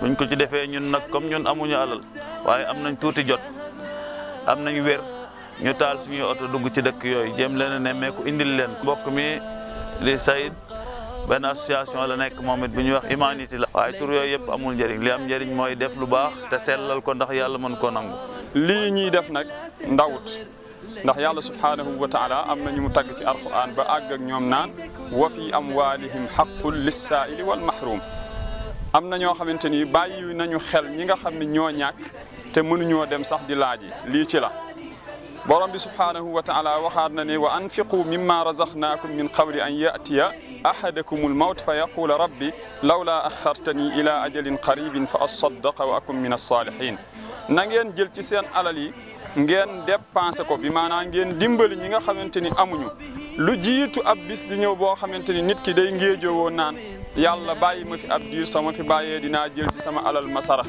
buñ ko ci défé ñun nak comme ñun amuñu alal waye am nañ touti jot am nañ wér ñu taal suñu auto dugg ci dëkk yoy jëm leen a ko indil leen bokk mi li Saïd ben association la nek momit buñ wax humanity la waye tour yoy yëpp amul jëriñ li am jëriñ moy def lu baax te sellal ko ndax yàlla mën ko nangu li ñi def nak ndawut ndax yàlla subhanahu wa taala am na mu tag ci alquran ba ag ak ñom naan wa fi amwalihim haqqul lis-sa'ili wal mahrum amna ño xamanteni bàyyi nañu xel ñi nga xamni ño ñak te mënu mënuñoo dem sax di laaji li ci la borom bi subhanahu wa taala waxaat na ni wa anfiqu mimma razaqnakum min qabl an yatiya ahadakumul mawt fa yaqula rabbi lawla akhartani ila ajalin qaribin fa asaddaq wa akum min as-salihin na ngeen jël ci seen alal yi ngeen dépenser ko bi maana ngeen dimbali ñi nga xamanteni amuñu lu jitu ab bis di ñew bo xamanteni nit ki day ngéejoo woon naan yalla bàyyi ma fi ab diir sama fi baye dina jël ci sama alal masara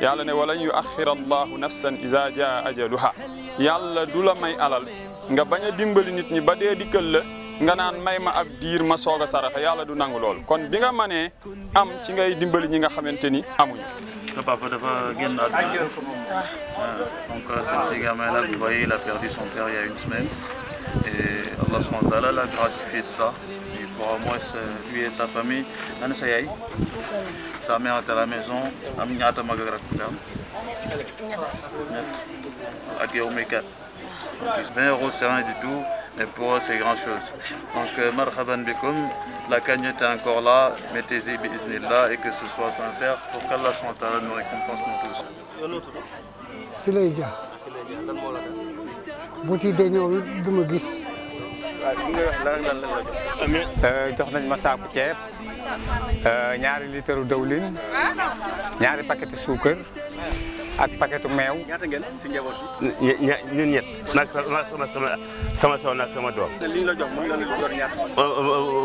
yalla ne wala yu axira allahu nafsan iza jaa ajaluha yalla dula may alal nga baña dimbali nit ñi ba de dikkal la nga naan may ma ab diir ma soga sara fa yalla du nang lool kon bi nga mané am ci ngay dimbali ñi nga xamanteni amuñu papa dafa génn àdduna ah. Ah. donc petit euh, gamin là vous voyez il a perdu son père il y a une semaine Et Allah SWT l'a gratifié de ça. Et pour moi, lui et sa famille, sa mère est à la maison, Aminata Magagrakulam. Akéomeka. 20 euros, c'est rien du tout, mais pour eux, c'est grand-chose. Donc, euh, marhaban bikum, la cagnotte est encore là, mettez-y là et que ce soit sincère pour qu'Allah nous récompense nous tous. C'est bu ci de du ma gis. Euh, jox nañ ma saaku ceeb euh, ñaari litre dawlin ñaari paquetu suukar ak paquetu meew. ñaata ngeen ci njaboot bi. ñun ñett nag sama sama sama soxna ak sama doom.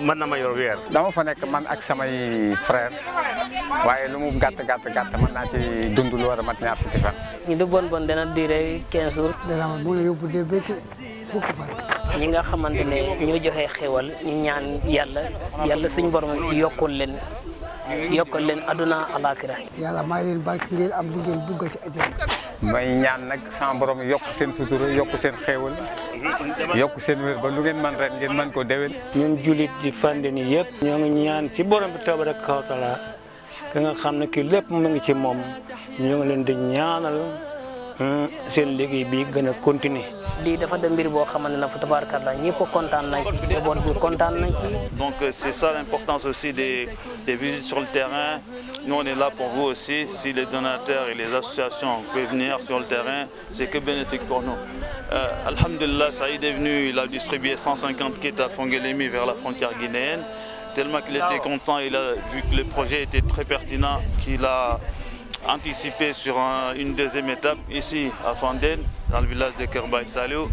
mën na ma yor weer. dama fa nekk man ak samay frère waaye lu mu gàtt gàtt gàtt ma naa ci dund lu war a mat ñaar fukki ñu du bon bon dana durer 15 jours. dana mën a yóbbu de ba fukki fan. ñi nga xamante ne ñoo joxe xéwal ñu ñaan yàlla yàlla suñu borom yokkul leen yokkal leen aduna alaaxira. yàlla may leen barke ngeen am li ngeen bugg ci àjjana. ñaan nag sama borom yokk seen sutura yokk seen xéwal yokk seen ba lu ngeen man ren ngeen mën ko déwén. ñun julit di fande ni yëpp. ñoo ngi ñaan ci borom bu tabaraka rek taala ki nga xam ne kii lépp mu ngi ci moom. donc euh, c'est ça l'importance aussi des visites sur le terrain nous on est là pour vous aussi si les donateurs et les associations peuvent venir sur le terrain c'est que bénéfique pour nous. Euh, alhamdulillah, Saïd est venu, il a distribué 150 kits à Fongelemi vers la frontière guinéenne. Tellement qu'il était content, il a vu que le projet était très pertinent, qu'il a anticiper sur une deuxième étape ici à Fanden, dans le village de Kerbaï Salou.